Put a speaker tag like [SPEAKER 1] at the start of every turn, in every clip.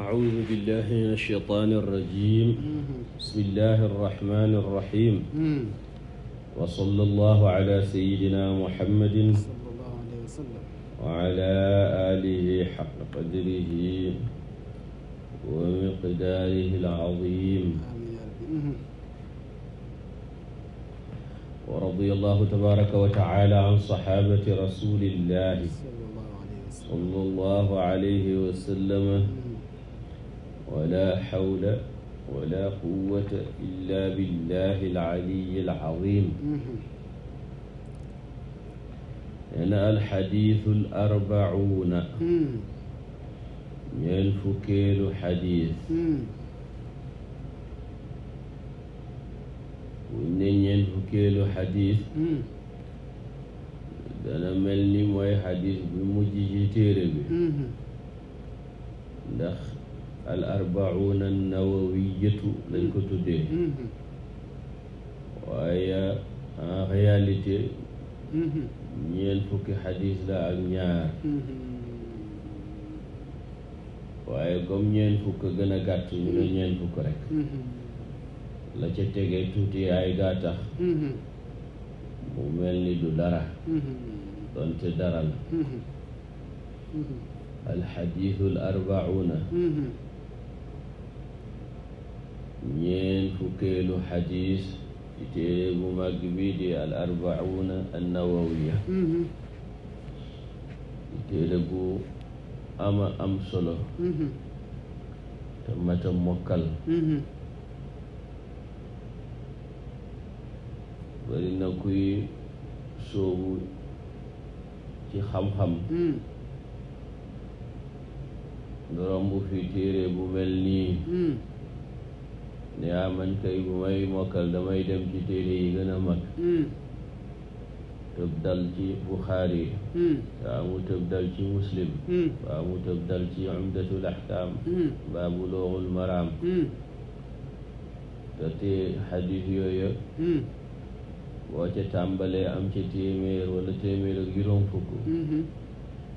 [SPEAKER 1] أعوذ بالله من الشيطان الرجيم بسم الله الرحمن الرحيم وصلى الله على سيدنا محمد وعلى آله حق قدره ومقداره العظيم ورضي الله تبارك وتعالى عن صحابة رسول الله صلى الله عليه وسلم wala xawla wala quwwata illa billahi alcaliyi alcazim neena alxadiisu alarbacuuna ñeen fukkeelu xadiis buñ ne ñeen fukkeelu xadiis dana mel ni mooy xadiis bi mujj ci téere bi ndax al arbauna nawawiyatu lañ ko tuddee waaye en réalité fukki xadis la ak waaye comme ñeent fukk gën a gàtt ñu ne ñeent rek la ca tegee tuuti ay gaa mu mel ni du dara donte dara la alxadisu al arbauna ñeen fukkeelu xadis ci téere bu màgg bi di al arbauna annawawiya mm-hmm. ci téere bu ama am solo mm-hmm. te mata mokkal mm-hmm. na kuy soobu ci xam-xam mm. romb fi téere bu mel nii mm. ne ah man kay bu may mokkal damay dem ci téere yi gën a mag hmm. tëb dal ci buxaari hmm. waa mu tëb dal ci muslim hmm. waa mu tëb dal ci umdatul ahkaam baa buluugul maraam te te xadis yooyu boo ca tàmbalee am ca téeméer wala téeméer ak juróom fukk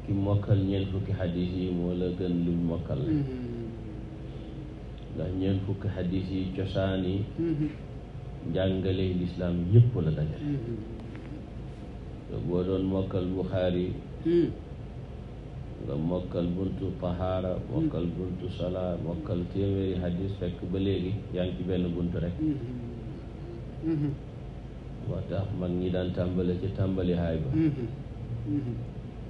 [SPEAKER 1] ki mokkal ñeent fukki xadis yi moo gën luñ mokkal ndax ñeent fukk xadis yi cosaan yi mm-hmm. njàngale lislaam yépp la dajale te mm-hmm. boo doon mokkal buxaari mm. nga mokkal buntu tahaara mm. mokkal buntu salaa mokkal téeméeri xadis fekk ba léegi yaa ngi ci benn buntu rek
[SPEAKER 2] mm-hmm.
[SPEAKER 1] moo tax mag ñi daan tàmbale ci tàmbali ba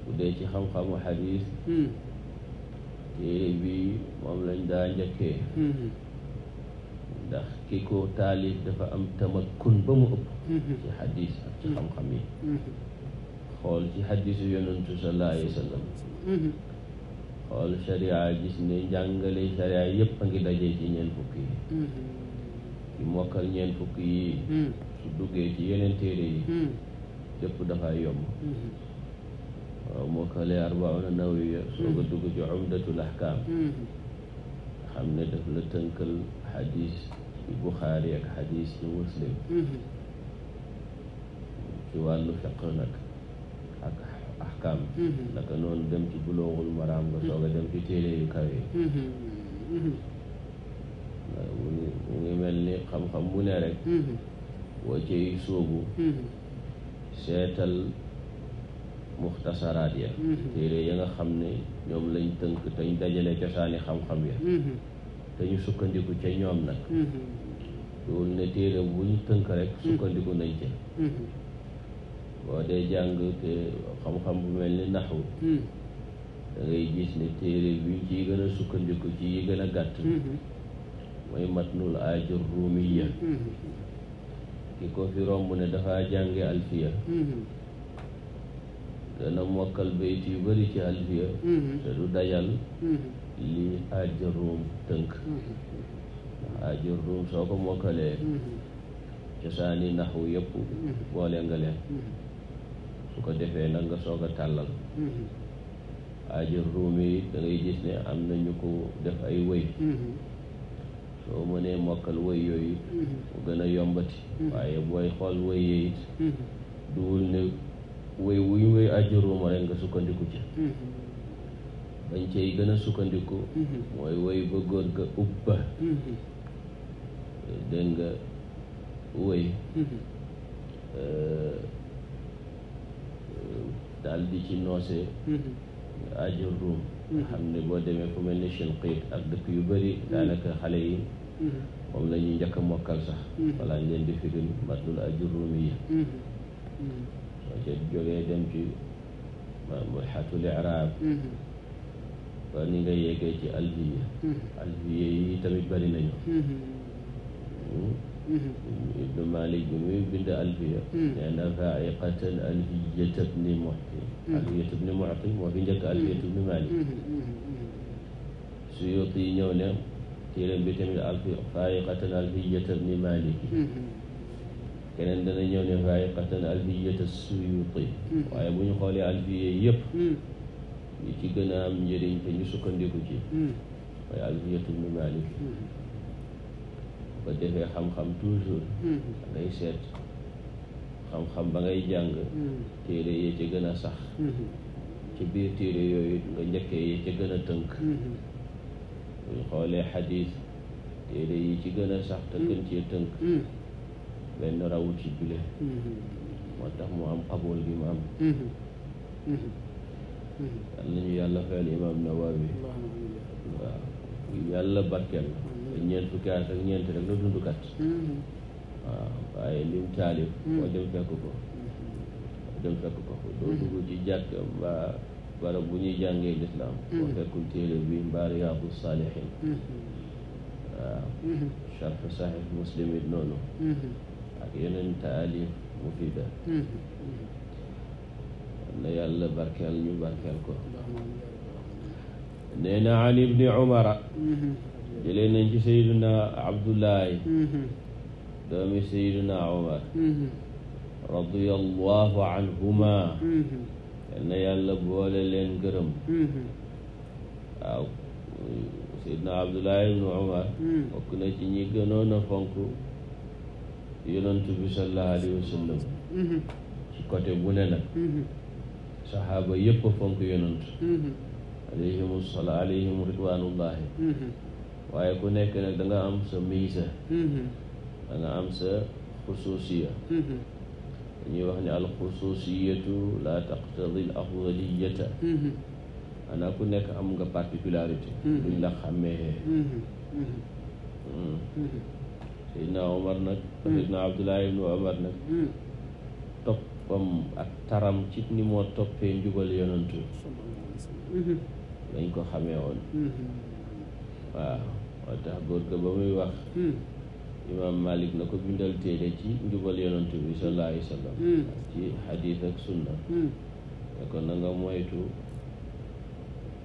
[SPEAKER 1] bu dee ci xam-xamu xadis mm. téere bi moom lañ daa njëkkee mm-hmm. ndax ki ko taalif dafa am tamakkun ba mu ëpp mm-hmm. ci xadis ak ci mm-hmm. xam-xam yi xool ci xadisu yonentu sallallahu alayhi xool sharia gis ne njàngale sharia yépp a ngi daje ci ñeen fukk yi ci mokkal ñeen fukk yi su duggee ci yeneen téere yi lépp dafay yomb mokkale arbauna nawawiya soog a dugg ci umdatul ahkaam ne daf la tënkal xadis ci ci ci wàllu fiq nag ak ahkaam naka noonu dem ci buloogul maraam nga soog a dem ci téere yu kawe mu ngi mel ni xam-xam mu ne rek woo mm-hmm. cay sóobu mm-hmm. seetal muxtasaraat ya mm-hmm. téere ya nga xam ne ñoom lañ tënk te ñu dajale cosaani xam-xam ya mm-hmm. te ñu sukkandiku ca ñoom nag mm-hmm. loolu ne téere bu ñu tënk rek sukkandiku nañ ca boo dee jàng te xam-xam bu mel ni naxu da ngay gis ne téere bi ciy gën a sukkandiku ci yi gën a gàtt mooy matnul aajur ruumiya ki ko fi romb ne dafa jànge alfiya dana mokkal bayt yu bari ci alfiya mm-hmm. te du dajal mm-hmm. li aaja ruum tënk ndax mm-hmm. aaja soo ko mokkalee cosaani naxwu yëpp boole nga leen su ko defee nag nga soog a tàllal aaja ruum yi da gis ne am na ñu ko def ay wëy soo mënee mokkal wëy yooyu mu gën a yombati waaye booy xool wëy yooyu it ne woy wuñ woy àjjuruma rek nga sukkandiku ci bañ cey gën a sukkandiku mm-hmm. mooy woy ba góor ga ubba mm-hmm. dégg nga woy mm-hmm. euh, daal di ci noose àjjurum nga xam ne boo demee fu mel ni Shinqiit ak dëkk yu bëri daanaka xale yi moom la ñuy njëkk a mokkal sax balaa ñu leen di firil matlul àjjurumi yi ba ca jógee dem ci mulhatul i'rab mm-hmm. ba ni nga yeggee ci alfiya mm-hmm. alfiya yi tamit bari nañu mm-hmm. ibnu malik bi muy bind alfiya nee na faiqatan alfiyat ibni muti alfiyat ibni muti moo fi njëkk alfiyat ibni malik suyuti yi ñëw ne téeram bi tamit alfi faiqatan alfiyat ibni malik keneen dana ñëw ne rayiqatan alfiyata suyuuti hmm. waaye bu ñu xoolee alfiye yëpp yi hmm. ci gën a am njëriñ te ñu sukkandiku ci hmm. mooy alfiyatu ibnu malik ba defee xam-xam toujours dangay seet xam-xam ba ngay jàng téere yee ca gën a sax biir téere yooyu gën a tënk bu xoolee xadiis téere yi ci gën a sax te gën tënk benn rawut ci jullit mhm. moo tax mu am xabool bi mu am
[SPEAKER 2] mhm. mhm.
[SPEAKER 1] yàlla ñu yàlla fayal imaam Nawawi waaw yàlla barkeel la ñeent fukki at ak ñeent rek la dundukat waaw waaye lim taalif moo dem fekk ko dem fekk ko doo dugg ci jàkk mbaa barab bu ñuy jàngee lislaam boo fekkul téere bi mbaa Riyaadu Saalihiin waaw sharh Sahih Muslim it noonu ak yeneen taalif mufida
[SPEAKER 2] mm-hmm. mm-hmm.
[SPEAKER 1] na yàlla barkeel ñu barkeel ko mm-hmm. nee na an ibni umara jëlee nañ ci sayduna abdullahi doomi sayduna umar radiyallahu anhuma na yàlla boole leen gërëm waaw sayduna abdullahi ibnu umar mm. bokk na ci ñi gënoon a fonk yonent bi sallallahu alayhi wa sallam mm-hmm. ci côté bu ne nag mm-hmm. saxaaba yépp a fonk yonent
[SPEAKER 2] mm-hmm.
[SPEAKER 1] alayhimu sala alayhim waaye ku nekk nag da nga am sa miisa da am sa xusuusiya dañuy wax ne al xusuusiyatu la taqtadi al afdaliyata ana ku nekk am nga particularité duñ la xàmmee mm. Seydina Omar nag hmm. Seydina Abdullahi ibnu Omar nag hmm. toppam ak taram ci ni moo toppee njubal yonantu dañ hmm. ko xamee woon waaw moo tax góor ga ba muy wax imaam Malik na ko bindal téere ci njubal yonantu bi sallallahu alayhi ci xadiis ak sunna ne ko moytu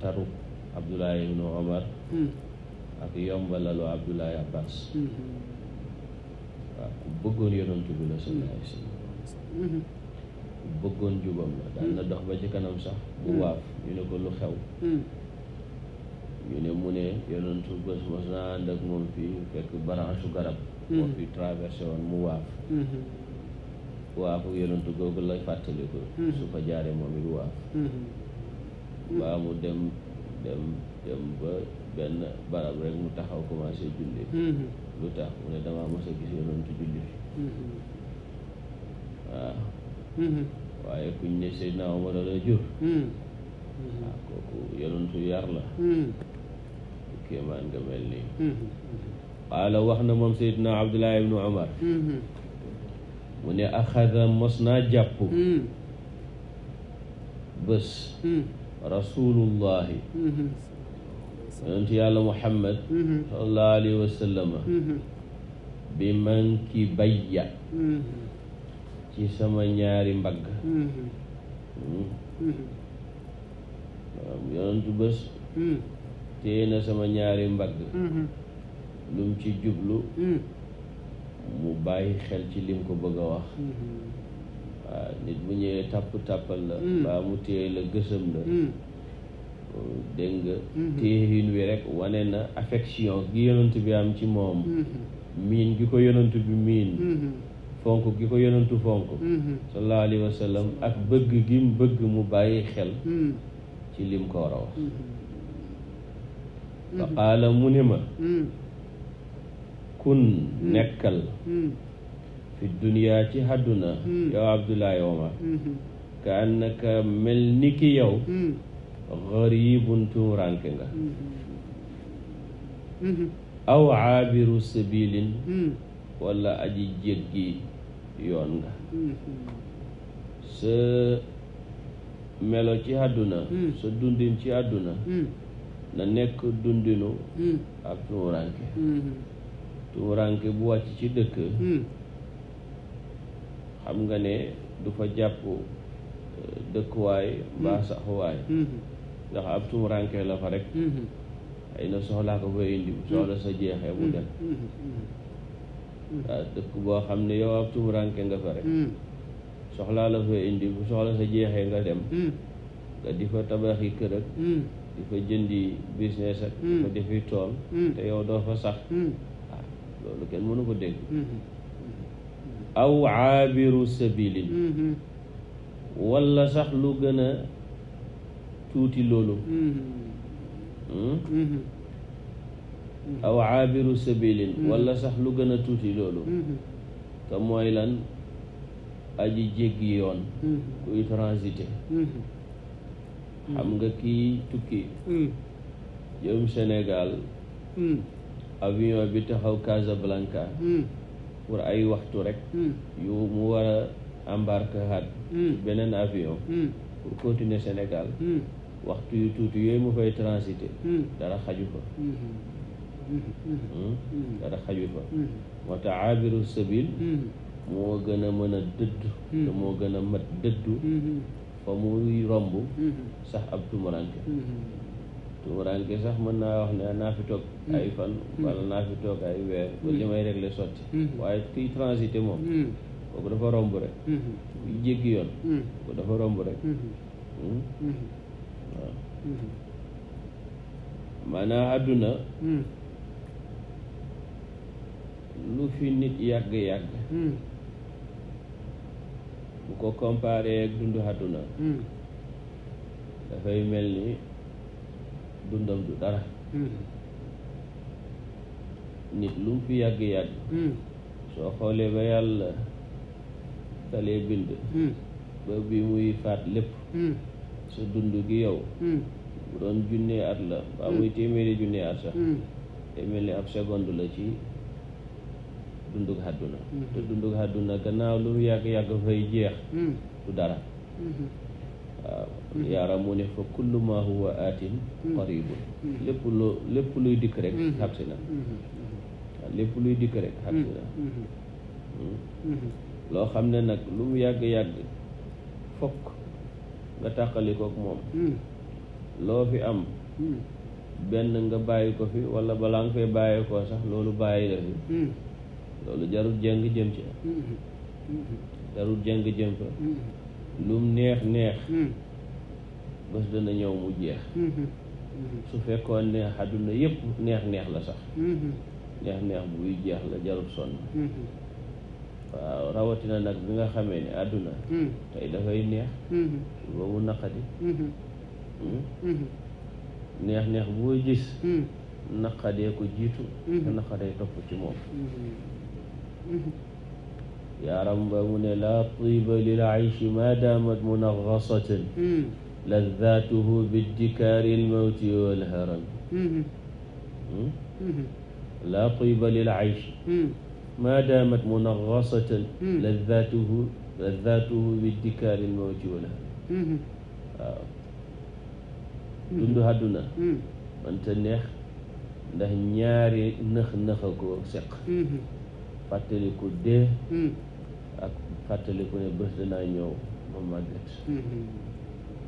[SPEAKER 1] taruk Abdullahi ibnu Omar ak yombalalu Abdullahi Abbas waaw ku bëggoon yonantu bi la sallallahu alayhi mm-hmm. ku bëggoon jubam la daan na dox ba ci sax bu mm-hmm. waaf ñu ne ko lu xew mm-hmm. ñu ne mu ne yonantu bés mos naa ànd ak moom fii fekk branche garab moo fi traversé woon mu waaf waafu yonantu googu la fàttaliku su fa jaaree moom it waaf baa mu dem dem dem ba benn barab rek mu taxaw commencé julli lu tax mu ne damaa mos a gis yonantu julli fi mm-hmm. waaw mm-hmm. waaye kuñ ne Seydina Omar a la jur waaw
[SPEAKER 2] mm-hmm.
[SPEAKER 1] ah, kooku yonantu yar la kéemaan nga mel nii qaala wax na moom Seydina Abdullahi ibnu Omar mu ne axada mos naa jàpp bés rasulullahi yonent yàlla muhammad mm-hmm. sallallahu alayhi wa sallama mm-hmm. bi man ki bayya mm-hmm. ci sama ñaari mbagg waaw bés téye na sama ñaari mbagg lu ci jublu mu bàyyi xel ci lim ko bëgg a wax waaw nit bu ñëwee tàpp tàppal la mm. baa mu téye la gësëm la mm. dégg nga wi mm-hmm. rek wane na affection gi yonent bi am ci moom
[SPEAKER 2] mm-hmm.
[SPEAKER 1] miin gi ko yonent bi miin mm-hmm. fonk gi ko yonentu fonk sallallahu alayhi wa ak bëgg gi mu bëgg mu bàyyi xel ci lim ko war a wax fa mu ne ma kun nekkal fi duniyaa ci àdduna yow Abdoulaye Omar ka annaka mel ni ki yow garibun tuuranke nga
[SPEAKER 2] hmm, hmm, hmm.
[SPEAKER 1] aw aabiru sabilin wala aji jéggi yoon nga sa melo ci àdduna sa dundin ci àdduna na nekk dundinu ak tuuranke tuuranke bu wàcc ci dëkk xam nga ne du fa jàpp euh, dëkkuwaay mbaa saxuwaay ndax ab tumuranke la fa rek ay mm-hmm. na soxlaa ko fa indi bu soxla sa jeexee mu dem
[SPEAKER 2] mm-hmm. Mm-hmm.
[SPEAKER 1] waaw dëkk boo xam ne yow ab tumuranke nga fa rek soxlaa la fa indi bu soxla sa jeexee nga dem nga di fa tabaxi kër ak di fa jëndi business ak di fa defi tool te yow doo fa sax waaw ah, loolu kenn mënu ko dégg aw aabiru sabilin walla sax lu gën a tuuti loolu hmm? Hmm. aw aabiru sabilin hmm. wala sax lu gën a tuuti loolu te mooy lan aji jéggi yoon kuy transité xam nga kii tukki jëm Sénégal avion bi taxaw Casablanca pour ay waxtu rek yu mu war a embarquer beneen avion pour continuer Sénégal waxtu yu tuuti yooyu mu fay transité dara xaju ko dara xaju fa wa taabiru sabil moo gën a mën a dëdd te moo gën a mat dëddu fa muy romb sax ab tumuranke tumuranke sax mën naa wax ne naa fi toog ay fan wala naa fi toog ay weer ba li may sotti waaye kiy transité moom kooku dafa romb rek hmm, hmm. jéggi yoon hmm. ko dafa romb rek Mm-hmm. maanaam àdduna mm. lu fi nit yàgg-yàgg mm. bu ko comparé ak dundu mm. dafay mel ni dundam du dara nit lu mu fi yàgg-yàgg soo xoolee ba yàlla dalee bind ba bi muy faat lépp sa dund gi yow hmm. bu doon junnee at la waa hmm. muy téeméeri junnee at sax hmm. day mel ni la ci dundug àdduna te dundug àdduna gannaaw lu mu yàgg-yàgg fay jeex du dara waaw yaara mu ne fa kullu ma huwa aatin qaribun lépp lu luy dikk rek xagsi na lépp luy dikk rek xagsi na loo xam ne nag lu mu yàgg-yàgg fokk nga tàqalikook moom hmm. loo fi am hmm. benn nga bàyyi ko fi wala balaa nga fee bàyyi sax loolu bàyyi la fi hmm. loolu jarut jëng jëm ci jarut jëng jëm fa lum neex neex bés dana ñëw mu jeex su fekkoon ne àdduna yépp neex neex la sax neex neex buy jeex la jarut sonn waaw rawatina nag bi nga xamee ne àdduna hmm. tey dafay neex hmm. ba mu naqadi hmm. neex neex boo gis naqadee ko jiitu te naqadee topp ci moom yaaram ba mu ne laa tiba lil aychi ma daamat munaxasatan lazaatuhu biddikaari lmawti walharam laa tiba lil aychi ma daamat munarrasatan lazatuhu lazatuhu bi dikkaari mawti wala waaw dund àdduna mënta neex ndax ñaari nëx nëxa koo seq fàttaliku dee ak fàttaliku ne bés danaa ñëw ma màggat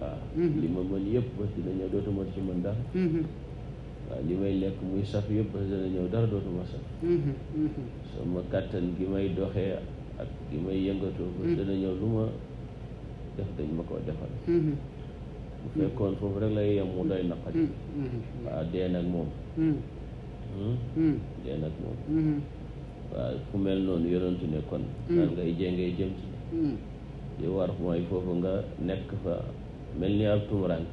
[SPEAKER 1] waaw li ma mën yëpp bés dina ñëw ci mën dara waaw li may lekk muy saf yëpp dana ñëw dara dootuma saf
[SPEAKER 2] mhm, mhm.
[SPEAKER 1] sama kàttan gi may doxee ak gi may yëngatoo ba mhm. dana ñëw lu ma def dañ ma ko defal bu fekkoon foofu rek lay yem mu doy naqari waaw dee nag moom hmm? dee nag moom waaw ku mel noonu yorantu ne kon daan ngay jéngee jëm ci li war mooy foofu nga nekk fa mel ni ab tumuraan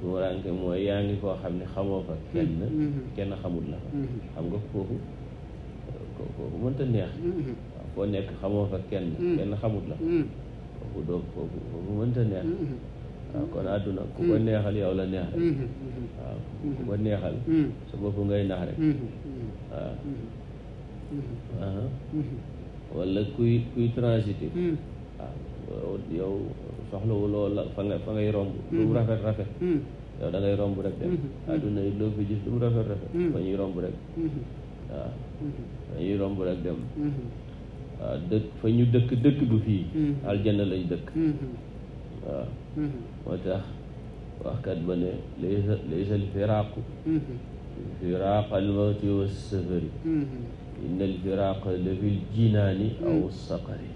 [SPEAKER 1] tumuraanke mooy yaa ngi foo xam ne xamoo fa kenn mm-hmm. Mm-hmm. kenn xamut la fa mm-hmm. xam foofu kooku mënta neex foo nekk xamoo fa kenn kenn xamut la fa kooku doo kooku mënta neex waaw kon àdduna ku ko neexal yow la neex rek
[SPEAKER 2] waaw ku ko neexal
[SPEAKER 1] sa bopp ngay nax rek waaw
[SPEAKER 2] uh-huh.
[SPEAKER 1] wala kuy kuy transitif yow soxlawuloo la fa nga fa ngay romb mm-hmm. lu rafet rafet mm-hmm. yow da romb rek dem mm-hmm. adduna yi loo fi gis lu mu rafet rafet fa ñuy romb rek waaw fa ñuy romb rek dem waaw dëkk fa ñu dëkk dëkk du fii aljanna lañ dëkk waaw moo tax waxkat ba ne laysa laysa al firaaqu firaaqa al mawti wa safari la fi jinaani aw saqari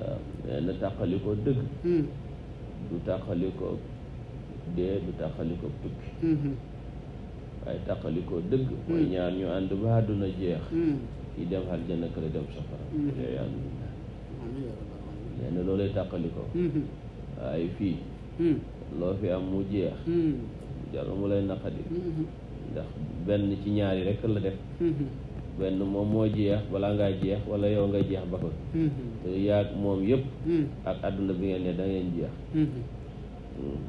[SPEAKER 1] na euh, tàqali ko dëgg hmm. du tàqali dee du tàqali tukki hmm. waaye tàqali dëgg hmm. mooy ñaar ñu ànd ba àdduna jeex kii dem aljana kër dem safara yooyu ànd nee na loolay waaye fii loo fi am mu jeex jarul mu lay naqadi ndax benn ci ñaari rekk la def benn moom moo jeex wala ngaa jeex wala yow nga jeex ba ko mhm. te moom yëpp mhm. ak àdduna bi ngeen ne da ngeen jeex mhm. Mm.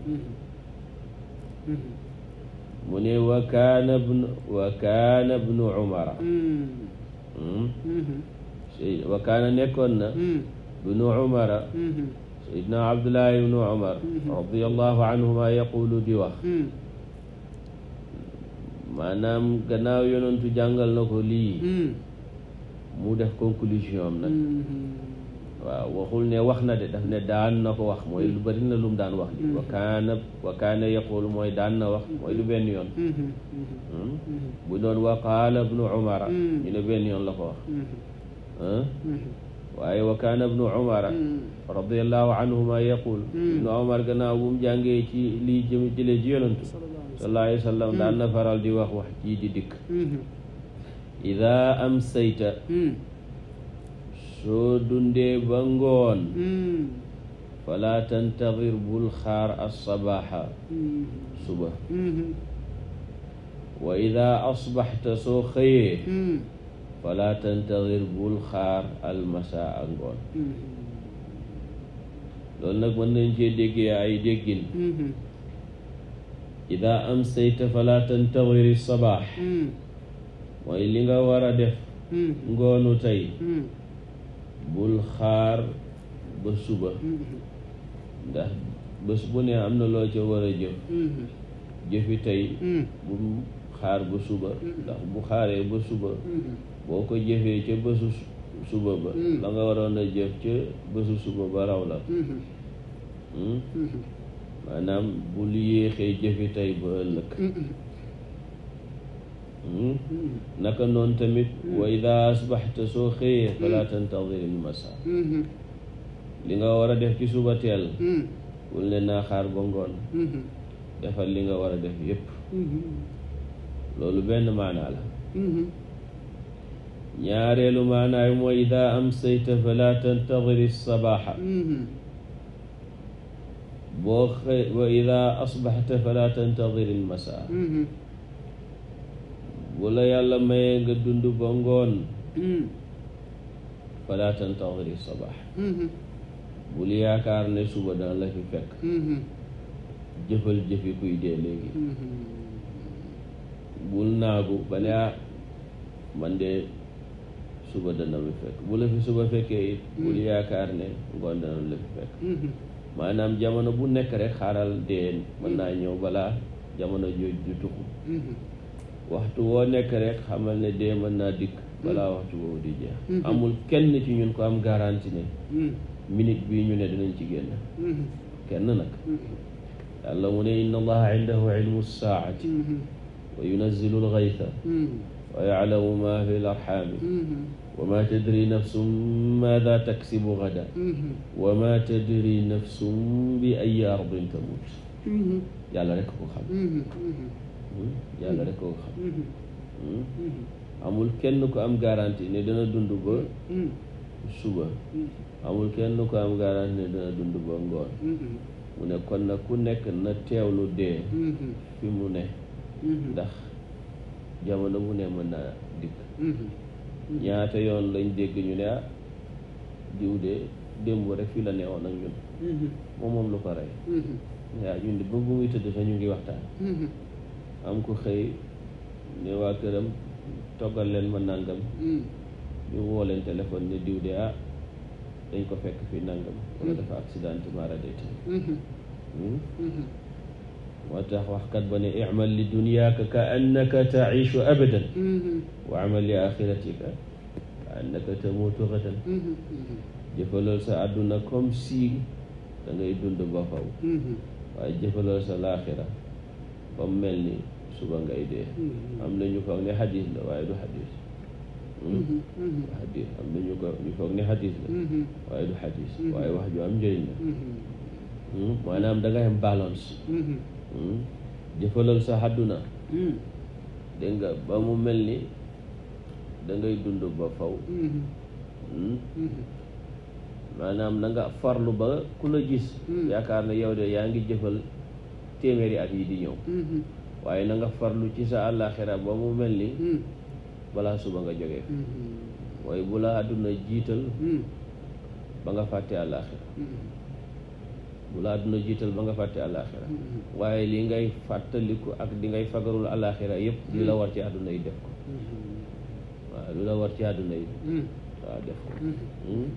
[SPEAKER 1] mu bnu wa kaana bnu mm. nekkoon na bnu umara sayidna abdullahi bnu umar radiallahu anhuma yaqulu di maanaam gannaaw yonentu jàngal na ko lii hmm. mu def conclusion am nag hmm. waaw waxul ne wax na de daf ne daan na ko wax mooy lu hmm. bari na lum daan wax li wa kaana wa mooy daan na wax mooy du benn yoon bu doon wa qaala ibnu umara ñu ne benn yoon la ko wax waaye wa kaana ibnu umara mm. radiallahu anhuma yaqul mm. ibnu umar gannaaw bu mu jàngee ci lii jëm jëlee ci yonantu sallallahu alayhi wa sallam daan na mm. faral di wax wax jii di dikk
[SPEAKER 2] mm-hmm.
[SPEAKER 1] ida amsayta soo dundee ba ngoon fala tantadir bul xaar assabaxa mm-hmm. suba mm-hmm. wa ida asbaxta soo xëyee fala tantaxir bul xaar almasa ak ngoon loolu nag mën nañ cee déggee ay déggin ida am sayta fala tantaxiri sabaax mooy li nga war a def ngoonu tey bul xaar suba ndax bés bu am na loo ca war a jëf jëfi tey bu xaar ba suba ndax bu xaaree ba suba boo ko jëfee ca bésu suba ba hmm. la nga waroon a jëf ca bésu suba ba raw la hmm. Hmm? maanaam bul yéexee jëfi tey ba ëllëg naka noon tamit wa ida asbaxta soo xëyee falaa tantadir il masa li nga war a def ci suba teel wul ne naa xaar ba ngoon defal li nga war a def yépp loolu benn maanaa la ñaareelu maanaay mooy ida amsayta fala tantadiri sabaxa mm-hmm. boo xëy wa ida asbaxta fala tantadiri lmasa mm-hmm. bu la yàlla mayee nga dund ba ngoon mm-hmm. fala tantadiri sabax bul yaakaar ne suba daan la fi fekk jëfal jëfi kuy dee léegi bul naagu ba ah, suba dana mi fekk bu la fi suba fekkee it bul hmm. yaakaar ne ngoon dana la fekk hmm. maanaam jamono bu nekk rek xaaral deen mën naa hmm. ñëw balaa jamono jooj du waxtu woo nekk rek xamal ne dee mën naa dikk balaa waxtu boobu di jeex amul kenn ci ñun ko am garantie ne minute bii ñu ne dinañ ci génn kenn nag yàlla mu ne inna allaha indahu ilmu saati wa yunazzilu alxayta wa yalamu ma fi l arxaami wa ma tadri nafsum maada taksibu gada wa ma tadri nafsum bi ay ardin tamut yàlla rekk ko xam yàlla rekk ko xam amul kenn ko am garantie ne dana dund ba suba amul kenn ko am garantie ne dana dund ba ngoon mu ne kon nag ku nekk na teewlu dee fi mu ne ndax jamono mu ne mën naa dikk ñaata yoon lañ dégg ñu ne ah diw de démboo rek fii la newoon ak ñun mm-hmm. moom moom lu ko rey mm-hmm. waaw ñun de ba bu muy tëdd sax ñu ngi waxtaan mm-hmm. am ko xëy ne waa këram toggal leen ma nàngam ñu woo leen téléphone ne diw de ah dañ ko fekk fii nàngam wala dafa accidentement radeti moo tax waxkat ba ne imal li dunyaaka ka annaka taichu abadan mm-hmm. wa amal li axiratika ka mm-hmm. Mm-hmm. sa àdduna comme si da ngay dund ba faw waaye jëfalool sa laaxira ba mu mel ni suba ngay dee am na ñu foog ne xadis la waaye hmm? am la waaye du xadis waaye wax ju am njëriñ la
[SPEAKER 2] hmm?
[SPEAKER 1] maanaam da nga Hmm? jëfalal sa àdduna hmm. dégg nga ba mu mel ni dangay dund ba faw
[SPEAKER 2] hmm.
[SPEAKER 1] maanaam na nga farlu ba ku la gis yaakaar na yow de yaa ngi jëfal téeméeri at yi di ñëw waaye na nga farlu ci sa àllaaxira ba mu mel ni balaa suba nga jógee mooy bu la àdduna jiital ba nga fàtte àllaaxira bu la àdduna jiital ba nga fàtte àllaaxira mm-hmm. waaye li ngay fàttaliku ak li ngay fagarul àllaaxira yépp li la war ci mm-hmm. àdduna yi def ko
[SPEAKER 2] mm-hmm.
[SPEAKER 1] waaw li def ko hmm?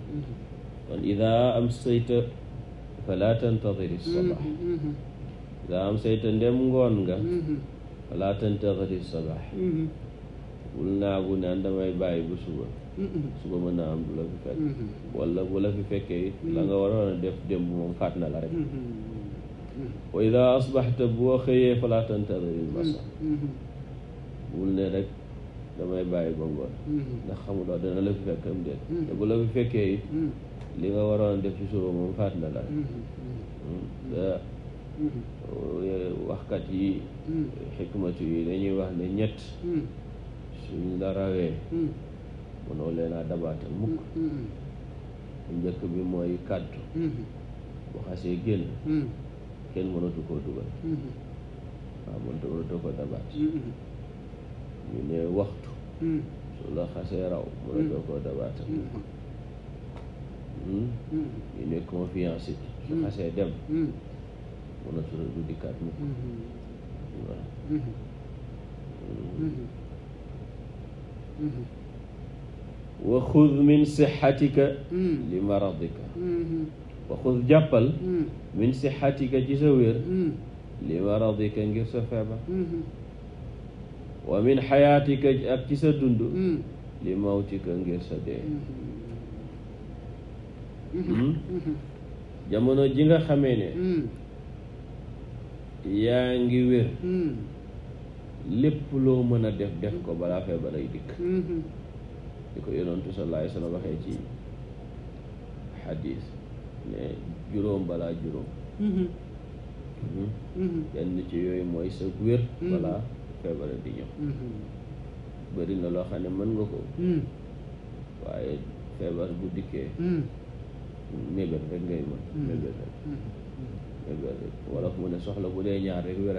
[SPEAKER 1] kon ida am sayta fala tantadiri sabax ida am sayta ndem ngoon nga fala tantadiri sabax bul naagu naan damay bàyyi ba suba suba mën naa am du la fi fekk wala bu la fi fekkee la nga waroon a def démb moom na la rek boo xëyee fala tantadiril masa bul ne damay bàyyi ba xamuloo dana la fi fekk am fekkee li nga waroon a def ci suba moom faat na la rek eh, waxkat yi xikmatu yi dañuy wax ne ñett suñu la rawee hmm. mënoo leen dabaatal mukk hmm, hmm, njëkk bi mooy kàddu bu xasee génn kenn mënatu koo dugal waaw mënatu mënatu ko dabaat ñu ne waxtu su la xasee raw mënatoo koo dabaatal ñu ne confiance su xasee dem mënatu la du dikkaat mukk
[SPEAKER 2] Mm-hmm.
[SPEAKER 1] wa xud min sixatika mm-hmm. li maradika mm-hmm. wa xud jàppal min sixatika ci sa li maradika ngir sa feebar wa min xayaatika ak ci sa li mawtika ngir sa dee jamono ji nga xamee ne ngi lépp loo mën a def def ko balaa feebar ay dikk mm-hmm. di ko yonentu sallallahu alayhi wa sallam waxee ci xadis ne juróom balaa juróom
[SPEAKER 2] mm-hmm. Mm-hmm.
[SPEAKER 1] benn ci yooyu mooy sa wér balaa feebar di ñëw bëri na loo xam ne mën nga ko waaye feebar bu dikkee mébét rek ngay mën mébét rek mébét fu mu ne soxla bu dee ñaar rek wér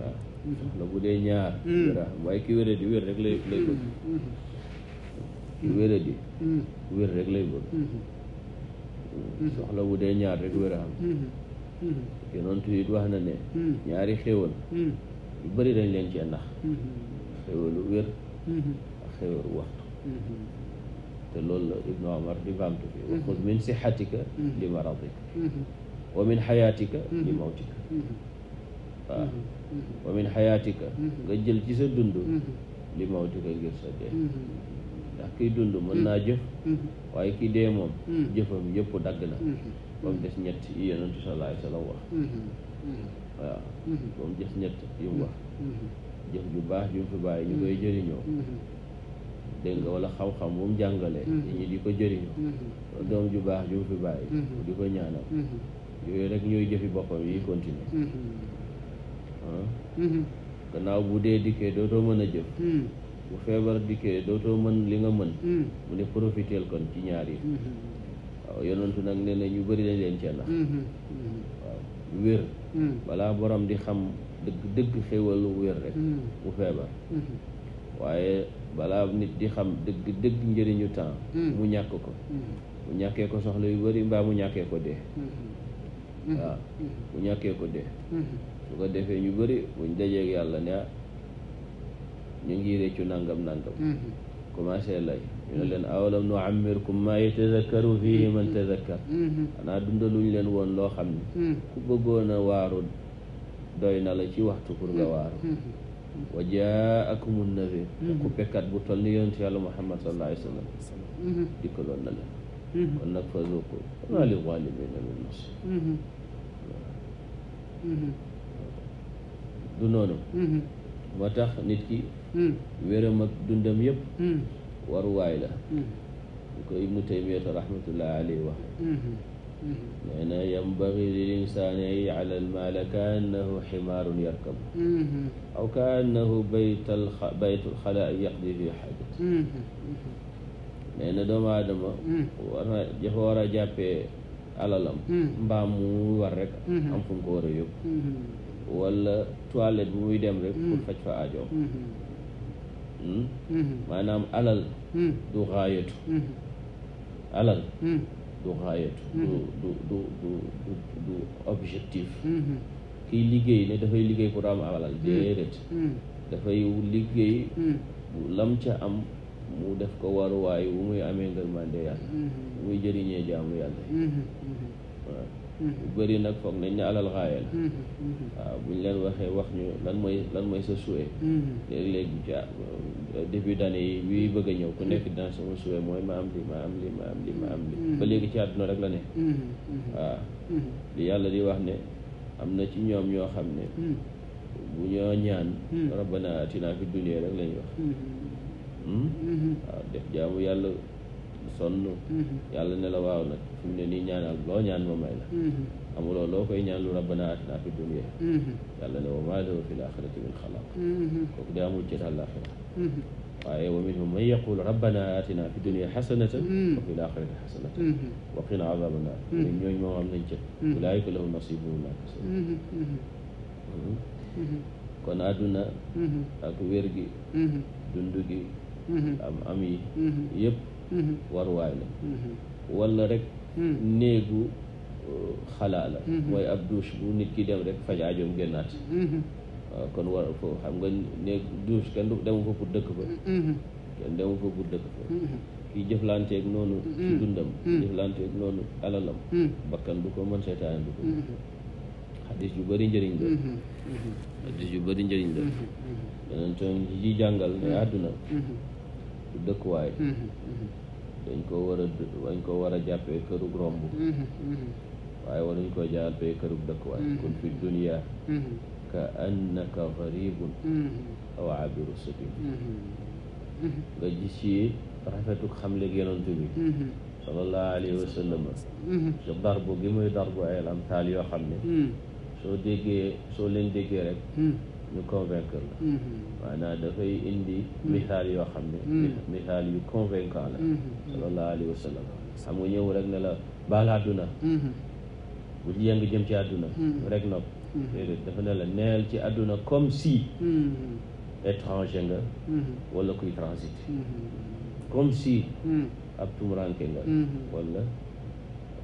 [SPEAKER 1] waaw soxla bu dee ñaar mm. dara waaye ki wéradi mm-hmm. mm-hmm. mm-hmm. wér rek lay bëgg ki wéradi wér rek lay bëgg soxla bu dee ñaar rek wér a xam yonent it wax na ne ñaari xéewal
[SPEAKER 2] yu
[SPEAKER 1] bëri dañ leen cee ndax xéewalu wér ak xéewalu waxtu te loolu la ibnu amar di baamtu fi wa min sixatika li maradika wa min xayaatika li mawtika waaw wa min xayaatika nga mm-hmm. jël ci sa dund mm-hmm. li mawtika ngir sa dee
[SPEAKER 2] mm-hmm.
[SPEAKER 1] ndax kiy dund mën naa jëf waaye kii dee moom jëfam yëpp dagg na ba des ñett yi yonentu sallallahu alayhi wax waaw ba des ñett yu mu wax jëf ju baax ju mu fi bàyyi ñu koy jëriñoo dégg nga wala xam-xam bu mu jàngalee nit di ko jëriñoo doom ju baax ju mu fi bàyyi di ko ñaanal yooyu rek ñooy jëfi boppam yi continuer Hmm? Mhm. gannaaw bu dee dikkee dootoo mën a jëf hmm. bu feebar dikkee dootoo mën li nga mën hmm. mu ne profiteel kon ci ñaar yi waaw yonentu nag nee na ñu bëri dañ leen ca nax waaw wér balaa borom di xam dëgg dëgg xéwalu wér rek mu feebar waaye balaa nit di xam dëgg dëgg njëriñu temps mu ñàkk ko mu ñàkkee ko soxla yu bari mbaa mu ñàkkee ko dee Mm-hmm. waaw mm-hmm. bu ñàkkee ko dee mm-hmm. su ko defee ñu bëri buñ dajeeg yàlla ne ñu ngi réccu nangam nangam commencé lay ñu ne leen awalam nu ammirkum maa yatazakkaru fihi man tazakkar xanaa dundaluñ leen woon loo xam ne ku bëggoon a waaru doy na la ci waxtu pour nga waaru wa jaakumu nadir ku pekkat bu toll ni yonent yàlla muhammad sallallahu alayhi wa sallam dikkaloon na leen kon nag fa zuuqu maa li zaalimiina min
[SPEAKER 2] nasiir
[SPEAKER 1] du noonu moo mm-hmm. tax nit ki mm. wéram ak dundam yëpp mm. waruwaay la
[SPEAKER 2] ñu mm.
[SPEAKER 1] ko ibnu taymiyata rahmatullahi alayhi wax
[SPEAKER 2] mm-hmm. Mm-hmm.
[SPEAKER 1] nee na yambagi lil insaani an yacla almaala ka annahu ximaarun yarkab aw ka annahu baytul xalaa yaqdi fi xaajat nee na doomu aadama hmm. war na dafa war a jàppee alalam hmm. mbaam mu war rek hmm. am fu mu ko war a
[SPEAKER 2] yóbbu
[SPEAKER 1] wala toilette bu muy dem rek pour faj fa aajoom maanaam alal du xaayatu alal du xaayatu du du du du objectif kiy liggéey ne dafay liggéey pour am alal déedéet dafay liggéey lam ca am mu def ko waruwaay wu muy amee ngërmande yàlla mm-hmm. muy jëriñee jaamu yàlla
[SPEAKER 2] mm-hmm.
[SPEAKER 1] waaw bu mm-hmm. bëri nag foog nañ ne alal xaaya la waaw buñ leen waxee wax ñu lan mooy lan mooy sa souhait léeg-léeg début d'année yi bii bëgg a ñëw ku nekk dans sama souhait mooy ma am li ma am li ma am li ma am li ba léegi ci àdduna rek la ne waaw li yàlla di wax ne am na ci ñoom ñoo xam ne bu ñoo ñaan rabbana atina fi dunya rek lañ wax Hmm? Hmm? waaw def jaamu yàlla sonn hmm. yàlla ne la waaw nag fi mu ne nii ñaanal loo ñaan ma may la amuloo loo koy ñaan lu rabbana atina fi dunya yàlla ne wa maa lahu waaye wa minhum man yaqul rabbana atina fi dunya xasanatan wa fi l axirati xasanatan wa qina azaaba naar ñun ñooñu moom am kon àdduna ak wér gi dund gi Mm-hmm. am am yi mm-hmm. yëpp mm-hmm. waruwaay la wala rek néegu uh, xalaa mooy ab douche bu nit ki dem rek fajaajoom aajoom génnaat waaw uh, kon war foofu xam nga néeg douche kenn du demu fa pour dëkk fa ki jëflanteeg noonu ci dundam jëflanteeg noonu alalam bakkan du ko mën seetaan du ko xadis yu bari njëriñ la xadis yu bëri njëriñ la beneen toon ci jàngal ne àdduna du dëkkuwaay mhm, mhm. dañ ko war a dañ ko war a jàppee kërug romb mhm, waaye waruñ ko jàppee kërug dëkkuwaay kun fi dunia ka annaka garibun aw abiru sabil nga gis yi rafetuk xamle yonent bi sallallahu alayhi wa sallam te gi muy darbu ay lamtaal yoo xam ne soo déggee soo leen déggee rek ñu convaincre la mm-hmm. maanaam dafay indi mm-hmm. misaal yoo xam ne mm-hmm. misaal yu convaincant la sallallahu alayhi wa rek ne baal àdduna bu ci jëm ci àdduna rek nopp déedéet dafa ne la ci àdduna comme si étranger nga wala kuy transit comme si ab tumuranke nga wala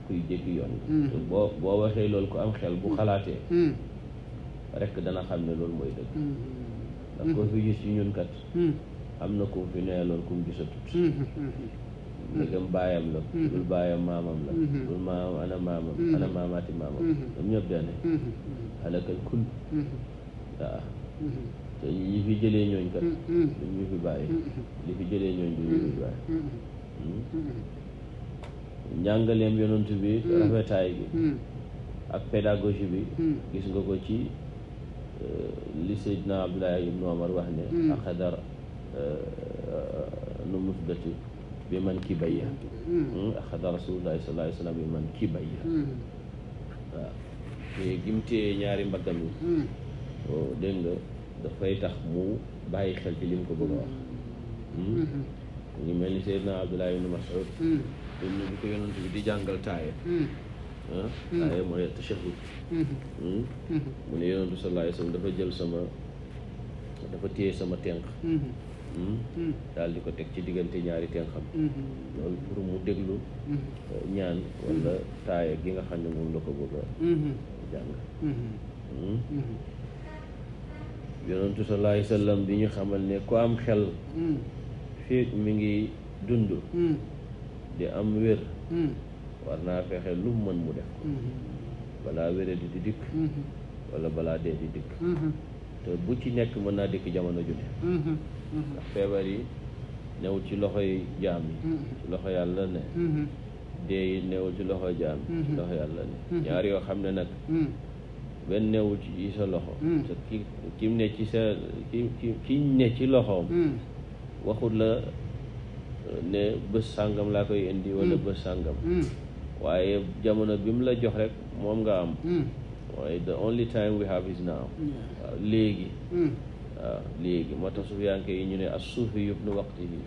[SPEAKER 1] kuy jéggi yoon nga boo boo waxee loolu ku am xel bu xalaatee rek dana xam ne loolu mooy dëgg mm-hmm. ndax koo fi gis ci ñun kat mm-hmm. am na ku fi nee loolu ku mu gisatut mm-hmm. ndegam baayam la dul baayam maamam la dul maamam ana maamam ana maamaati maamam ñoom ñëpp dane alakal kul waaw te ñi fi jëlee ñooñ kat duñ ñu fi bàyyi li fi jëlee ñooñ duñ ñu fi bàyyi njàngaleem yonent bi rafetaay bi ak pédagogie bi gis nga ko ci Euh, li Seydina Abdoulaye ibnu Omar wax ne hmm. axadar euh, euh, nu musdati bi man ki bayya hmm. hmm, axada rasulullahi sallallahu alayhi bi man ki bayya waaw te gimtee ñaari mbaggam
[SPEAKER 2] yi
[SPEAKER 1] dafay tax mu bàyyi xel ci li mu ko bëgg a wax ñu mel ni Seydina Abdoulaye ibnu Mas'ud
[SPEAKER 2] te
[SPEAKER 1] ñu bi ko yonent bi di jàngal aaya mooy tashahud mu ne mm-hmm. hmm? mm-hmm. yonentu sallallahu alayhi dafa jël sama dafa téye sama tenq mm-hmm. Hmm? daal di ko teg ci diggante ñaari tenxam loolu pour mu déglu euh, ñaan wala taaya gi nga xam ne moom la ko bëgg a jàng
[SPEAKER 2] hmm?
[SPEAKER 1] yonentu sallallahu alayhi wa ñu xamal ne ku am xel mm. fii mi ngi dund mm. di am wér mm. war naa fexe lu mu mën mu def ko mm-hmm. balaa wéradi di dikk mm-hmm. wala balaa dee di dikk mm-hmm. te bu ci nekk mën naa dikk jamono ju ne
[SPEAKER 2] ndax
[SPEAKER 1] feebar yi newul ci loxo jaam yi ci loxo yàlla ne dee yi newul ci loxo jaam yi ci loxo yàlla ne ñaar yoo xam ne nag benn newul ci sa loxo ki ki ne ci sa ki ki ne ci loxoom waxut la ne bés sàngam laa koy indi wala bés sàngam waaye jamono bi mu la jox rek moom nga am hmm. waaye the only time we have is now hmm. waaw léegi hmm. waaw léegi moo tax suufiyanke yi ñu ne as suufi yu nu waxti bi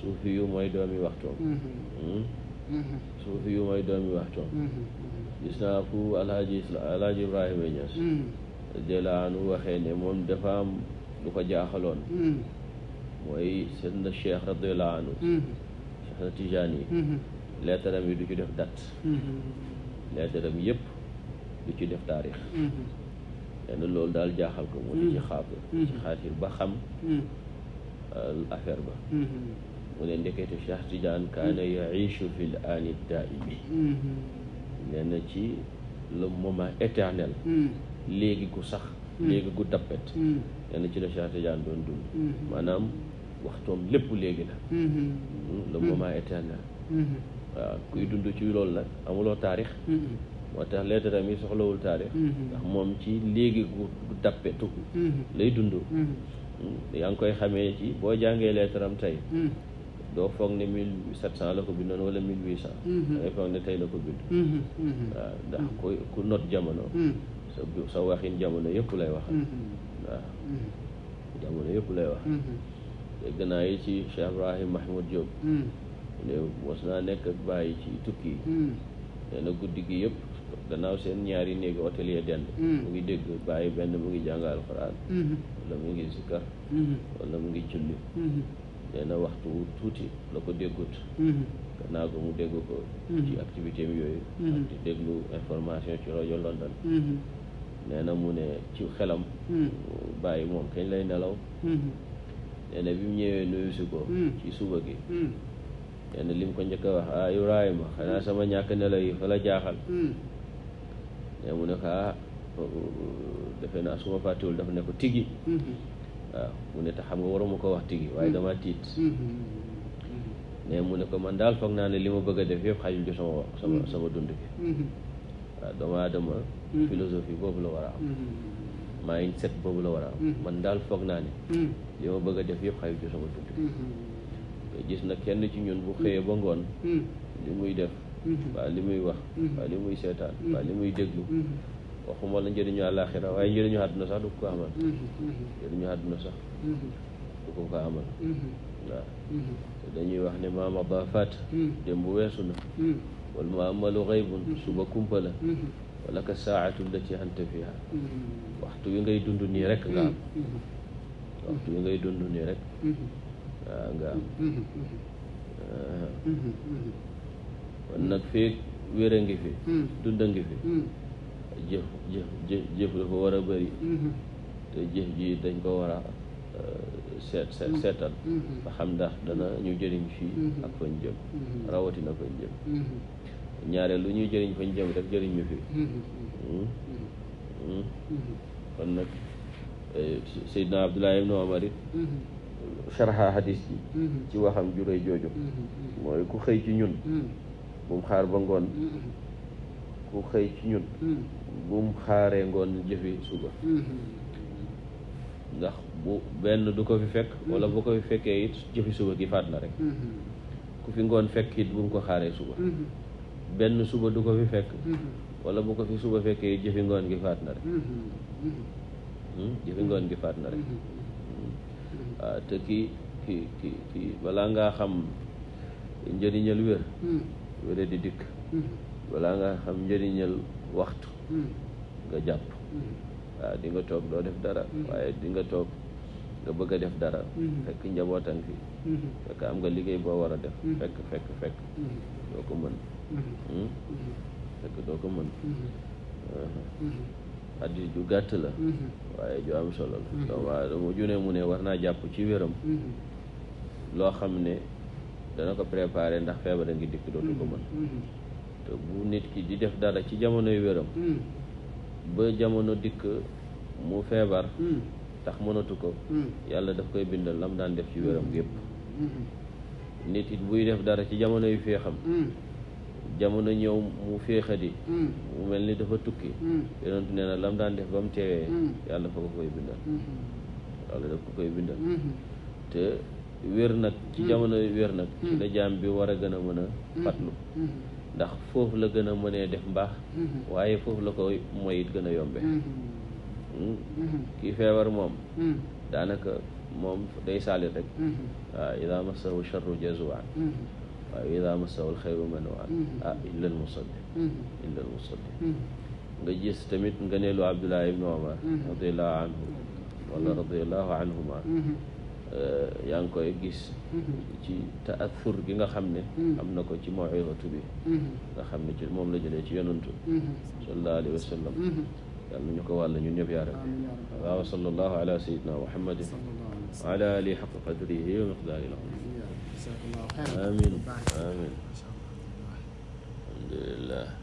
[SPEAKER 1] suufi yu mooy doomi waxtoom suufi yu mooy doomi waxtoom gis naa fu alhaji alhaji ibrahima ñas jëlaanu waxee ne moom dafa am lu ko jaaxaloon mooy seen na cheikh radiallahu anhu cheikh na tijaan yi leetaram yi du ci def date
[SPEAKER 2] mm-hmm.
[SPEAKER 1] leetaram yëpp du ci def taarix
[SPEAKER 2] mm-hmm.
[SPEAKER 1] nee na daal jaaxal ko mu di ci xaatir mm-hmm. ci xaatir ba xam euh, affaire ba mu ne ndekete Cheikh Tidiane kaana yaishu fi l aani daaimi nee na ci le moment éternel léegi gu sax léegi gu dappet nee ci la Cheikh Tidiane doon dund maanaam waxtoom lépp léegi la hmm, le moment éternel waaw kuy dund ci loolu nag amuloo taarix mm-hmm. moo tax leetaram yi soxlawul taarix mm-hmm. ndax moom ci léegi gu dappetu mm-hmm. lay dund yaa ngi koy xamee ci boo jàngee leetaram tey doo foog ne mille sept cent la ko bindoon wala mille huit cent da foog ne tey la ko bind waaw ndax ku ku not jamono sa sa waxin jamono yëpp lay wax
[SPEAKER 2] waaw
[SPEAKER 1] jamono yëpp lay wax dégg naa yi ci Cheikh Ibrahim Mahmoud Diop mu ne naa nekk bàyyi ci tukki yi
[SPEAKER 2] hmm.
[SPEAKER 1] guddi gi yëpp danaaw seen ñaari néegi hôtel ya dend hmm. mu ngi dégg bàyyi benn mu ngi jàng alxuraan hmm. wala mu ngi zikkar wala mu ngi julli nee na waxtu tuuti la ko déggut
[SPEAKER 2] gannaaw
[SPEAKER 1] ko mu dégg ko ci activité am yooyu ak déglu information ci rajo London nee mu ne ci xelam bàyyi moom kañ lay nelaw nee na bi mu ñëwee nuyu ko ci suba gi kenn lim ko njëkk a wax ah Ibrahima xanaa sama ñàkk nelaw yi fa la jaaxal ne hmm. mu ne ko ah defe naa su ma fàttewul dafa ne ko tigi hmm. waaw mu ne te xam nga waruma ko wax tigi waaye hmm. damaa tiit ne mu ne ko man daal foog naa ne li ma bëgg a def yëpp xajul ci sama sama sama dund bi waaw doomu set boobu la war daal foog naa ne bëgg a yëpp xajul sama dund
[SPEAKER 2] bi
[SPEAKER 1] nga gis na kenn ci ñun bu xëyee ba ngoon mm. li muy def mm-hmm. waa li muy wax mm-hmm. waa li muy seetaan mm-hmm. waa li muy déglu waxuma la njëriñu àllaaxira waaye njëriñu àdduna sax du ko ko amal njëriñu te dañuy wax ne maama ba faat dem mm. bu weesu na mm. wal mu amalu xaybun suba kumpa la wala ka saatu lati anta fiha waxtu wi ngay dund nii rek nga am waxtu wi ngay dund nii rek waaw ah, nga
[SPEAKER 2] mm-hmm, mm-hmm. Ah. Mm-hmm,
[SPEAKER 1] kon nag feeg wér a ngi fi mm. dund a ngi fi mm. jëf jëf jëf jëf dafa war a bëri te jëf ji dañ ko war a ah, seet seet seetal ba xam ndax dana ñu jëriñ fii ak fañ jëm rawatina fañ jëm ñaareel lu ñuy jëriñ fañ jëm rek jëriñ ñu fi kon nag eh, Seydina Abdoulaye ibnu Omar it sharha hadis ji mm-hmm. ci waxam juróy jooju
[SPEAKER 2] mm-hmm.
[SPEAKER 1] mooy ku xëy ci ñun mm-hmm. bum xaar ba ngoon ku xëy ci ñun bum xaaree ngoon jëfi suba ndax bu benn du ko fi fekk wala bu ko fi fekkee it jëfi suba gi faat na rek ku fi ngoon fekk it ko xaaree suba benn suba du ko fi fekk wala bu ko fi suba fekkee it ngoon gi faat na rek
[SPEAKER 2] hmm?
[SPEAKER 1] jëfi ngoon gi faat na rek waaw ah, te kii kii kii balaa ngaa xam njëriñal wér hmm. wére di dikk hmm. balaa ngaa xam njëriñal waxtu hmm. nga jàpp waaw ah, di nga toog doo def dara waaye dinga toog nga bëgg a def dara fekk njabootan fi am nga liggéey boo war a def fekk fekk fekk doo ko mën fekk doo ko mën xadis ju gàtt la
[SPEAKER 2] mm-hmm.
[SPEAKER 1] waaye ju am solo la mm-hmm. doomu aadama ju ne mu ne war naa jàpp ci wéram mm-hmm. loo xam ne dana ko préparer ndax feebar a ngi dikk dootu ko mën te bu nit ki di def dara ci jamonoy wéram ba jamono dikk mu feebar tax mënatu ko yàlla daf koy bindal lam daan def ci wéram gépp nit it buy def dara ci jamono yu fee jamono ñëw mu féexadi mm. mu mel ni dafa tukki mm. yonentu nee na lam daan def ba mu teewee mm. yàlla fa ko koy bindal
[SPEAKER 2] mm-hmm.
[SPEAKER 1] yàlla koy bindal mm-hmm. te wér nag ci jamono wér nag ci bi war a gën a mën a mm-hmm. fatlu ndax foofu la gën a mënee def mbaax waaye foofu la ko mooy gën a yombe kii feebar moom daanaka moom day saali rek waaw idaa massahu charru jazuwaan waaye ida masawul xayru manuwaan ah illa al musaddiq illa al musaddiq nga gis tamit nga neelu abdullah ibnu omar radiallahu anhu wala radiallahu anhuma yaa ngi koy gis ci taathur gi nga xam ne am na ko ci mawidatu bi nga xam ne ci moom la jëlee ci yonantu sallallahu alayhi wa sallam yàlla ñu ko wàlla ñun ñëpp yaa rabbi waaw sallallahu ala sayyidina muhammadin wa ala alihi xaqa qadrihi wa miqdaarihi amiin amiin alhamdulilah